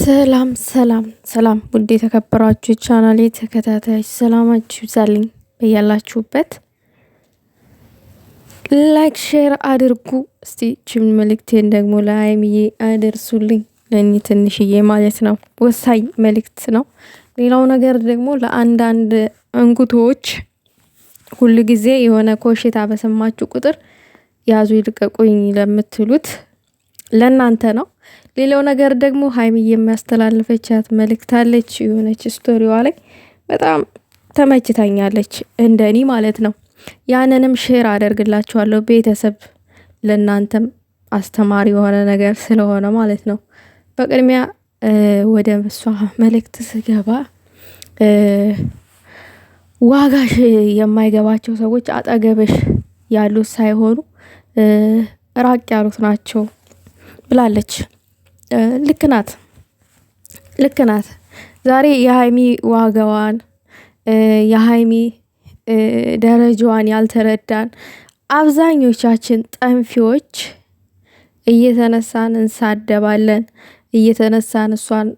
ሰላም ሰላም ሰላም ውድ የተከበራችሁ ቻናሌ ተከታታዮች ሰላማችሁ ይብዛልኝ በያላችሁበት። ላይክ ሼር አድርጉ። እስቲ ችም መልእክቴን ደግሞ ለሀይሚዬ አደርሱልኝ። ለእኔ ትንሽዬ ማለት ነው ወሳኝ መልእክት ነው። ሌላው ነገር ደግሞ ለአንዳንድ እንጉቶዎች ሁሉ ጊዜ የሆነ ኮሽታ በሰማችሁ ቁጥር ያዙ ይልቀቁኝ ለምትሉት ለእናንተ ነው ሌላው ነገር ደግሞ ሀይሚ የሚያስተላልፈቻት መልእክት አለች። የሆነች ስቶሪዋ ላይ በጣም ተመችታኛለች፣ እንደኔ ማለት ነው። ያንንም ሼር አደርግላችኋለሁ ቤተሰብ፣ ለእናንተም አስተማሪ የሆነ ነገር ስለሆነ ማለት ነው። በቅድሚያ ወደ እሷ መልእክት ስገባ ዋጋሽ የማይገባቸው ሰዎች አጠገብሽ ያሉት ሳይሆኑ ራቅ ያሉት ናቸው ብላለች። ልክ ናት፣ ልክ ናት። ዛሬ የሀይሚ ዋጋዋን የሀይሚ ደረጃዋን ያልተረዳን አብዛኞቻችን ጠንፊዎች እየተነሳን እንሳደባለን፣ እየተነሳን እሷን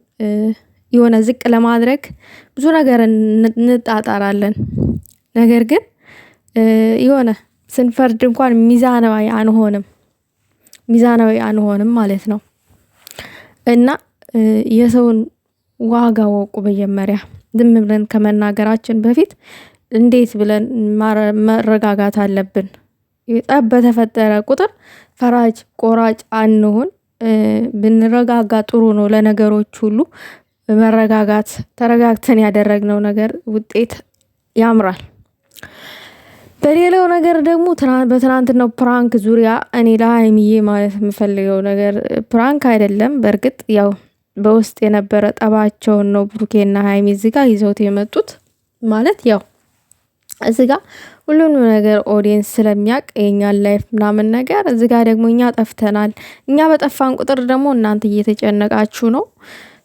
የሆነ ዝቅ ለማድረግ ብዙ ነገር እንጣጣራለን። ነገር ግን የሆነ ስንፈርድ እንኳን ሚዛናዊ አንሆንም፣ ሚዛናዊ አንሆንም ማለት ነው። እና የሰውን ዋጋ ወቁ መጀመሪያ ዝም ብለን ከመናገራችን በፊት እንዴት ብለን መረጋጋት አለብን። ጠብ በተፈጠረ ቁጥር ፈራጅ ቆራጭ አንሁን። ብንረጋጋ ጥሩ ነው። ለነገሮች ሁሉ መረጋጋት ተረጋግተን ያደረግነው ነገር ውጤት ያምራል። በሌላው ነገር ደግሞ በትናንትናው ፕራንክ ዙሪያ እኔ ለሀይሚዬ ማለት የምፈልገው ነገር ፕራንክ አይደለም። በእርግጥ ያው በውስጥ የነበረ ጠባቸውን ነው ብሩኬና ሀይሚ እዚጋ ይዘውት የመጡት ማለት ያው እዚጋ ሁሉንም ነገር ኦዲየንስ ስለሚያውቅ የኛን ላይፍ ምናምን ነገር እዚጋ ደግሞ እኛ ጠፍተናል። እኛ በጠፋን ቁጥር ደግሞ እናንተ እየተጨነቃችሁ ነው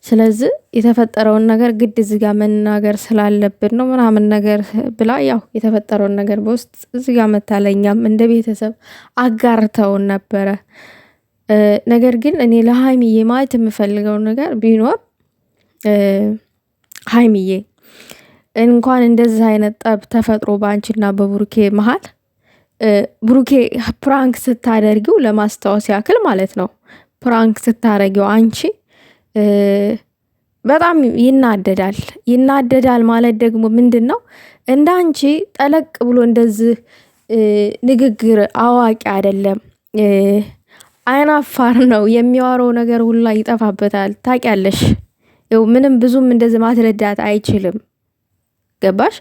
ስለዚህ የተፈጠረውን ነገር ግድ እዚጋ መናገር ስላለብን ነው ምናምን ነገር ብላ ያው የተፈጠረውን ነገር በውስጥ እዚጋ መታለኛም እንደ ቤተሰብ አጋርተውን ነበረ። ነገር ግን እኔ ለሀይሚዬ ማለት የምፈልገው ነገር ቢኖር ሀይሚዬ እንኳን እንደዚህ አይነት ጠብ ተፈጥሮ በአንቺና በቡሩኬ መሀል ብሩኬ ፕራንክ ስታደርጊው ለማስታወስ ያክል ማለት ነው ፕራንክ ስታደርጊው አንቺ በጣም ይናደዳል። ይናደዳል ማለት ደግሞ ምንድን ነው? እንደ አንቺ ጠለቅ ብሎ እንደዚህ ንግግር አዋቂ አይደለም። አይናፋር ነው። የሚዋረው ነገር ሁላ ይጠፋበታል። ታውቂያለሽ። ያው ምንም ብዙም እንደዚህ ማስረዳት አይችልም። ገባሽ?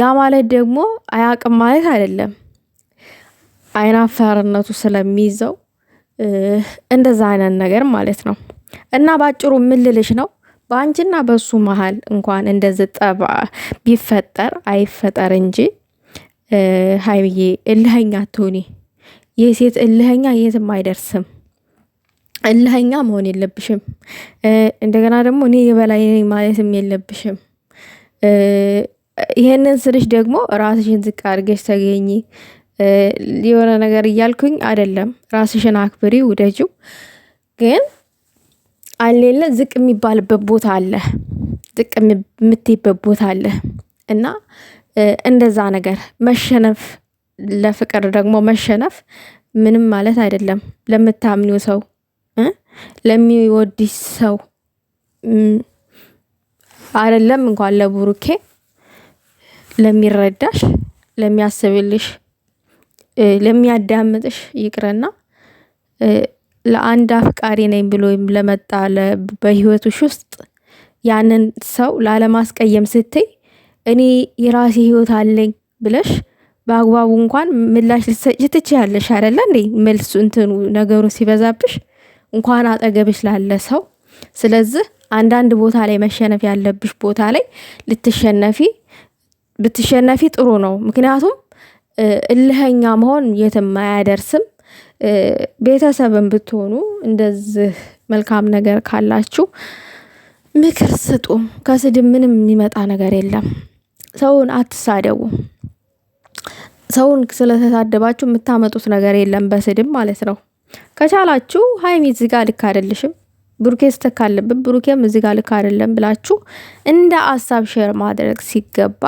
ያ ማለት ደግሞ አያቅም ማለት አይደለም። አይናፋርነቱ ስለሚይዘው እንደዛ አይነት ነገር ማለት ነው። እና ባጭሩ ምልልሽ ነው በአንቺና በሱ መሀል እንኳን እንደዚህ ጠባ ቢፈጠር አይፈጠር እንጂ ሀይብዬ እልኸኛ ትሁኒ። የሴት እልኸኛ የትም አይደርስም። እልኸኛ መሆን የለብሽም። እንደገና ደግሞ እኔ የበላይ ነኝ ማለትም የለብሽም። ይሄንን ስልሽ ደግሞ ራስሽን ዝቅ አድርገሽ ተገኝ የሆነ ነገር እያልኩኝ አይደለም። ራስሽን አክብሪ፣ ውደጂው ግን አለ የለ ዝቅ የሚባልበት ቦታ አለ፣ ዝቅ የምትይበት ቦታ አለ እና እንደዛ ነገር መሸነፍ ለፍቅር ደግሞ መሸነፍ ምንም ማለት አይደለም። ለምታምኒው ሰው ለሚወድሽ ሰው አይደለም እንኳን ለቡሩኬ ለሚረዳሽ፣ ለሚያስብልሽ፣ ለሚያዳምጥሽ ይቅርና ለአንድ አፍቃሪ ነኝ ብሎ ለመጣ በህይወትሽ ውስጥ ያንን ሰው ላለማስቀየም ስትይ እኔ የራሴ ህይወት አለኝ ብለሽ በአግባቡ እንኳን ምላሽ ልትሰጪ ትችያለሽ። አይደለ እንዴ? መልሱ እንትኑ ነገሩ ሲበዛብሽ እንኳን አጠገብሽ ላለ ሰው። ስለዚህ አንዳንድ ቦታ ላይ መሸነፍ ያለብሽ ቦታ ላይ ልትሸነፊ ብትሸነፊ ጥሩ ነው። ምክንያቱም እልህኛ መሆን የትም አያደርስም። ቤተሰብን ብትሆኑ እንደዚህ መልካም ነገር ካላችሁ ምክር ስጡ። ከስድብ ምንም የሚመጣ ነገር የለም። ሰውን አትሳደቡ። ሰውን ስለተሳደባችሁ የምታመጡት ነገር የለም፣ በስድብ ማለት ነው። ከቻላችሁ ሀይሚ እዚህ ልክ አይደለሽም፣ ብሩኬ ስተክ አለብን፣ ብሩኬም እዚጋ ልክ አይደለም ብላችሁ እንደ አሳብ ሼር ማድረግ ሲገባ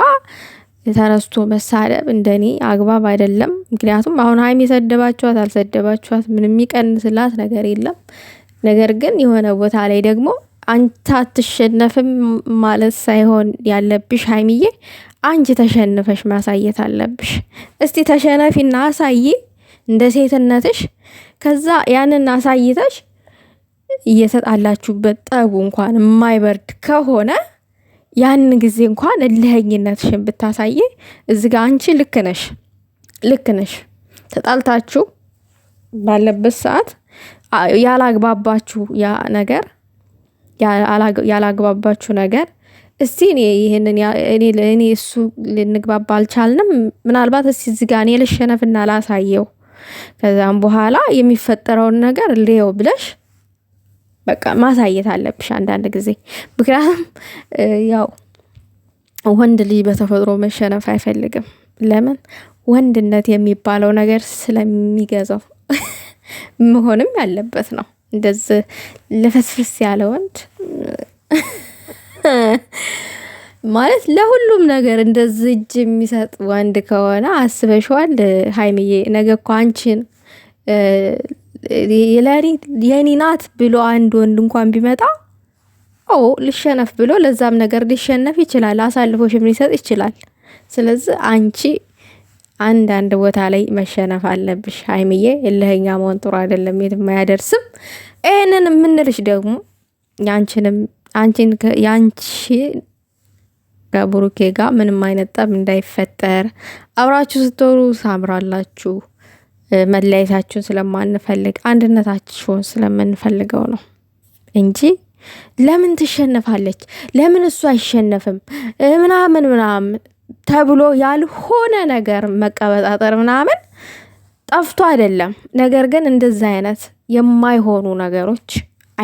ተረስቶ መሳደብ እንደኔ አግባብ አይደለም። ምክንያቱም አሁን ሀይሚ የሰደባችኋት አልሰደባችኋት ምን የሚቀንስላት ነገር የለም። ነገር ግን የሆነ ቦታ ላይ ደግሞ አንተ አትሸነፍም ማለት ሳይሆን ያለብሽ ሀይሚዬ፣ አንቺ ተሸንፈሽ ማሳየት አለብሽ። እስቲ ተሸነፊና አሳይ እንደ ሴትነትሽ። ከዛ ያንን አሳይተሽ እየተጣላችሁበት ጠቡ እንኳን የማይበርድ ከሆነ ያን ጊዜ እንኳን እልህኝነትሽን ብታሳይ እዚ ጋ አንቺ ልክ ነሽ ልክ ነሽ። ተጣልታችሁ ባለበት ሰዓት ያላግባባችሁ ያ ነገር ያላግባባችሁ ነገር እስቲ እኔ ይህንን እኔ እሱ ልንግባባ አልቻልንም፣ ምናልባት እስቲ እዚ ጋ እኔ ልሸነፍና ላሳየው፣ ከዛም በኋላ የሚፈጠረውን ነገር ሌው ብለሽ በቃ ማሳየት አለብሽ አንዳንድ ጊዜ። ምክንያቱም ያው ወንድ ልጅ በተፈጥሮ መሸነፍ አይፈልግም። ለምን ወንድነት የሚባለው ነገር ስለሚገዛው መሆንም ያለበት ነው። እንደዚህ ለፍስፍስ ያለ ወንድ ማለት ለሁሉም ነገር እንደዚህ እጅ የሚሰጥ ወንድ ከሆነ አስበሽዋል ሀይምዬ ነገ እኮ አንቺን የኔ ናት ብሎ አንድ ወንድ እንኳን ቢመጣ ኦ ልሸነፍ ብሎ ለዛም ነገር ሊሸነፍ ይችላል። አሳልፎሽም ሊሰጥ ይችላል። ስለዚህ አንቺ አንዳንድ ቦታ ላይ መሸነፍ አለብሽ ሀይሚዬ። እልኸኛ መሆን ጥሩ አይደለም፣ የትም አያደርስም። ይህንን የምንልሽ ደግሞ ያንቺንም ያንቺ ከብሩኬ ጋር ምንም አይነት ጠብ እንዳይፈጠር አብራችሁ ስትወሩ ሳምራላችሁ መለያየታችሁን ስለማንፈልግ አንድነታችሁን ስለምንፈልገው ነው እንጂ ለምን ትሸነፋለች፣ ለምን እሱ አይሸነፍም ምናምን ምናምን ተብሎ ያልሆነ ነገር መቀበጣጠር ምናምን ጠፍቶ አይደለም። ነገር ግን እንደዚህ አይነት የማይሆኑ ነገሮች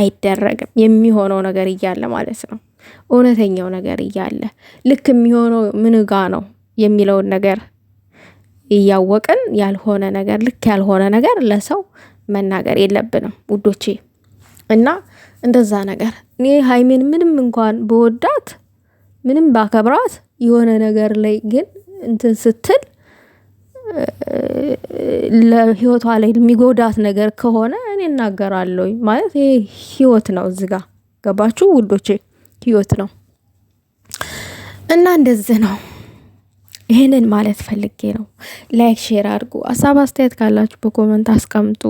አይደረግም። የሚሆነው ነገር እያለ ማለት ነው፣ እውነተኛው ነገር እያለ ልክ የሚሆነው ምንጋ ነው የሚለውን ነገር እያወቅን ያልሆነ ነገር ልክ ያልሆነ ነገር ለሰው መናገር የለብንም ውዶቼ። እና እንደዛ ነገር እኔ ሀይሜን ምንም እንኳን በወዳት ምንም ባከብራት የሆነ ነገር ላይ ግን እንትን ስትል ለህይወቷ ላይ የሚጎዳት ነገር ከሆነ እኔ እናገራለሁ። ማለት ይሄ ህይወት ነው። እዚጋ ገባችሁ ውዶቼ? ህይወት ነው እና እንደዚህ ነው። ይህንን ማለት ፈልጌ ነው። ላይክ ሼር አድርጉ። ሀሳብ አስተያየት ካላችሁ በኮመንት አስቀምጡ።